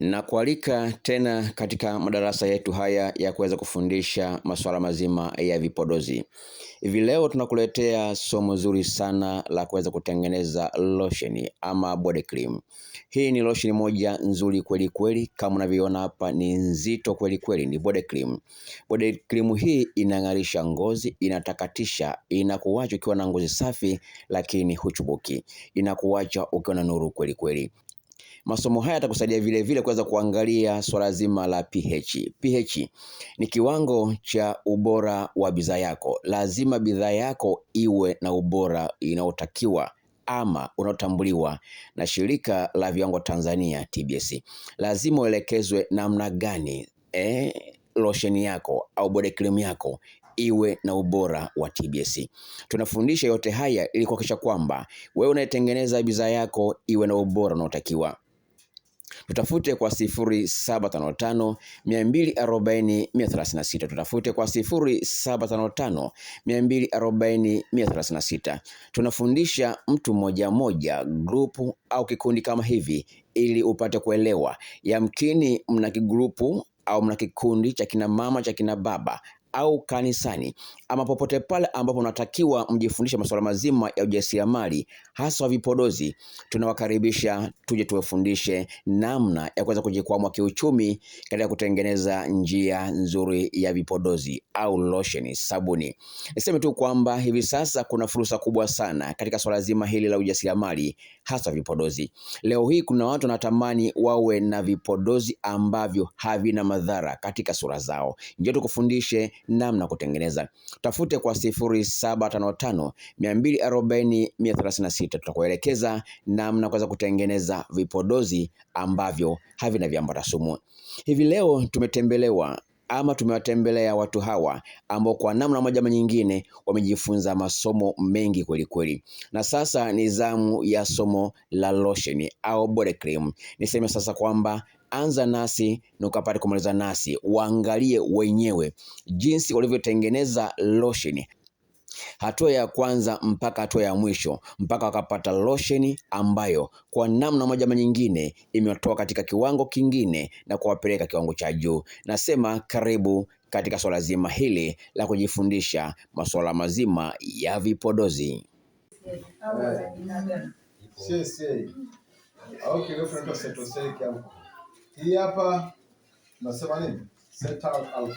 na kualika tena katika madarasa yetu haya ya kuweza kufundisha masuala mazima ya vipodozi. Hivi leo tunakuletea somo zuri sana la kuweza kutengeneza lotion ama body cream. Hii ni lotion moja nzuri kweli kweli, kama unavyoona hapa ni nzito kweli kweli, ni body cream. Body cream hii inang'arisha ngozi, inatakatisha, inakuacha ukiwa na ngozi safi lakini huchubuki, inakuacha ukiwa na nuru kweli kweli. Masomo haya yatakusaidia vile vile kuweza kuangalia swala zima la pH. E. pH e ni kiwango cha ubora wa bidhaa yako. Lazima bidhaa yako iwe na ubora inayotakiwa ama unaotambuliwa na Shirika la Viwango Tanzania TBS. Lazima uelekezwe namna gani eh, losheni yako au body cream yako iwe na ubora wa TBS. Tunafundisha yote haya ili kuhakikisha kwamba wewe unayetengeneza bidhaa yako iwe na ubora unaotakiwa tutafute kwa 0755 240 136 tutafute kwa 0755 240 136. Tunafundisha mtu mmoja mmoja, grupu au kikundi kama hivi, ili upate kuelewa. Yamkini mna kigrupu au mna kikundi cha kina mama cha kina baba au kanisani ama popote pale ambapo unatakiwa mjifundishe masuala mazima ya ujasiriamali hasa vipodozi, tunawakaribisha tuje tuwafundishe namna ya kuweza kujikwamua kiuchumi katika kutengeneza njia nzuri ya vipodozi au losheni, sabuni. Niseme tu kwamba hivi sasa kuna fursa kubwa sana katika swala zima hili la ujasiriamali hasa vipodozi. Leo hii kuna watu wanatamani wawe na vipodozi ambavyo havina madhara katika sura zao. Njoo tukufundishe namna kutengeneza. Tafute kwa 0755 240 136 tutakuelekeza namna kuweza kutengeneza vipodozi ambavyo havina viambata sumu. Hivi leo tumetembelewa ama tumewatembelea watu hawa ambao kwa namna moja ama nyingine wamejifunza masomo mengi kwelikweli, na sasa ni zamu ya somo la losheni au body cream. Niseme sasa kwamba anza nasi na ukapate kumaliza nasi, waangalie wenyewe jinsi walivyotengeneza losheni hatua ya kwanza mpaka hatua ya mwisho mpaka wakapata losheni ambayo kwa namna moja ama nyingine imetoa katika kiwango kingine na kuwapeleka kiwango cha juu. Nasema karibu katika swala zima hili la kujifundisha masuala mazima ya vipodozi. Hii hapa nasema nini? Set out alcohol.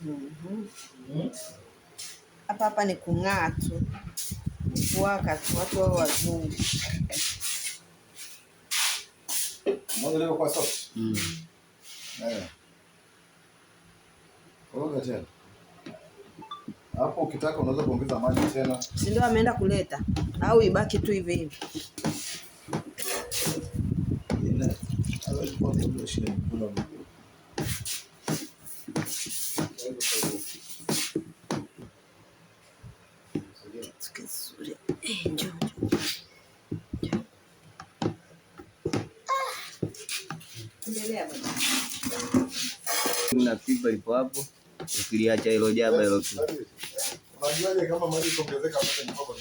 Mhm. Hapa hapa ni kung'aa tu, kuwaka tu, watu wao wazungu mm. eh. hapo ukitaka unaweza kuongeza maji tena, si ndio? Ameenda kuleta au ibaki tu hivi hivi. na fiba ipo hapo, ukiliacha hilo jaba hilo tu. Unajuaje kama maji kuongezeka hapo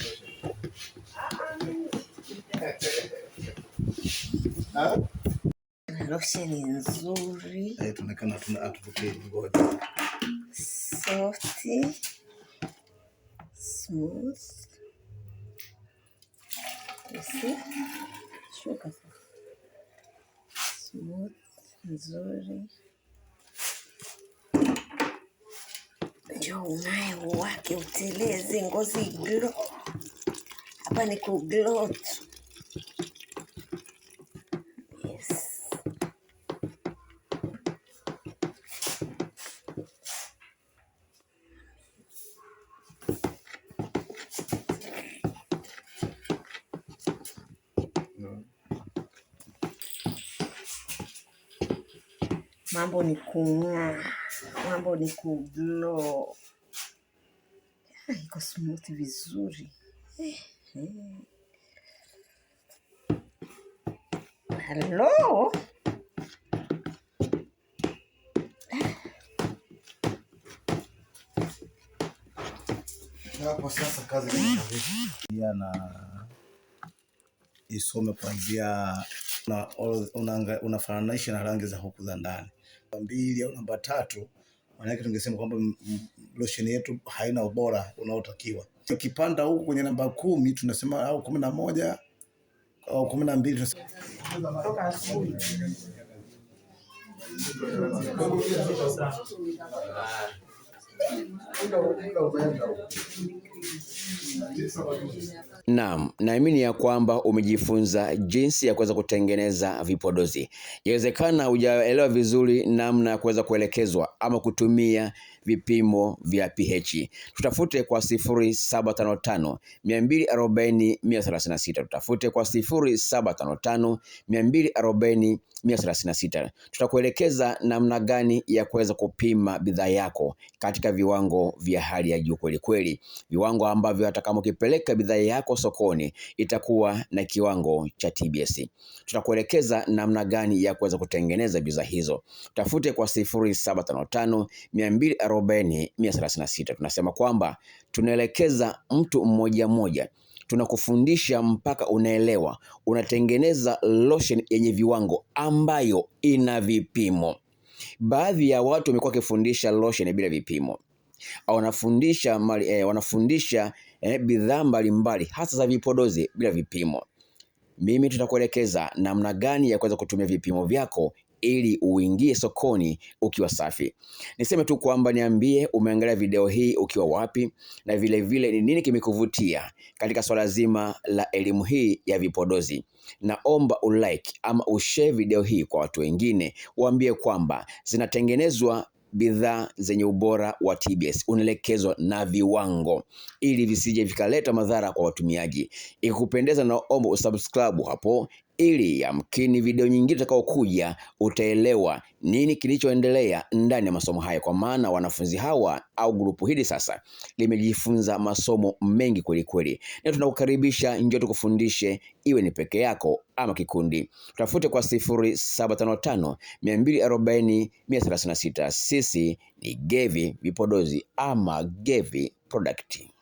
ni nzuri. Eh, tunaonekana tuna atupokee ngoja. Smooth. nzuri njo unaye uwake uteleze ngozi glo hapa ni kuglo tu mambo ni kung'aa, mambo ni kuglow, eh, iko smooth vizuri halo eh. hapo sasa kazi pia na isome kwanzia unafananisha na rangi za huku za ndani mbili au namba tatu, maanake tungesema kwamba losheni yetu haina ubora unaotakiwa. Ukipanda huku kwenye namba kumi tunasema au kumi na moja au kumi na mbili tunasema Naam, naamini ya kwamba umejifunza jinsi ya kuweza kutengeneza vipodozi. Yawezekana hujaelewa vizuri namna ya kuweza kuelekezwa ama kutumia vipimo vya pH. Tutafute kwa 0755 240 136. Tutafute kwa 0755 240 136. Tutakuelekeza namna gani ya kuweza kupima bidhaa yako katika viwango vya hali ya juu kweli kweli, viwango ambavyo ambavyo hata kama ukipeleka bidhaa yako sokoni itakuwa na kiwango cha TBS. Tutakuelekeza namna gani ya kuweza kutengeneza bidhaa hizo. Tafute kwa 0755 240 Tunasema kwamba tunaelekeza mtu mmoja mmoja tunakufundisha mpaka unaelewa, unatengeneza lotion yenye viwango ambayo ina vipimo. Baadhi ya watu wamekuwa wakifundisha lotion bila vipimo wanafundisha mali, eh, wanafundisha eh, bidhaa mbalimbali hasa za vipodozi bila vipimo. Mimi tutakuelekeza namna gani ya kuweza kutumia vipimo vyako ili uingie sokoni ukiwa safi. Niseme tu kwamba niambie umeangalia video hii ukiwa wapi, na vilevile ni nini kimekuvutia katika swala zima la elimu hii ya vipodozi. Naomba ulike ama ushare video hii kwa watu wengine, waambie kwamba zinatengenezwa bidhaa zenye ubora wa TBS unaelekezwa na viwango ili visije vikaleta madhara kwa watumiaji. Ikikupendeza, naomba usubscribe hapo ili yamkini video nyingine utakaokuja utaelewa nini kilichoendelea ndani ya masomo haya, kwa maana wanafunzi hawa au grupu hili sasa limejifunza masomo mengi kweli kweli, na tunakukaribisha njoo tukufundishe, iwe ni peke yako ama kikundi. tafute kwa 0755 240 136. Sisi ni Gevi Vipodozi ama Gevi Product.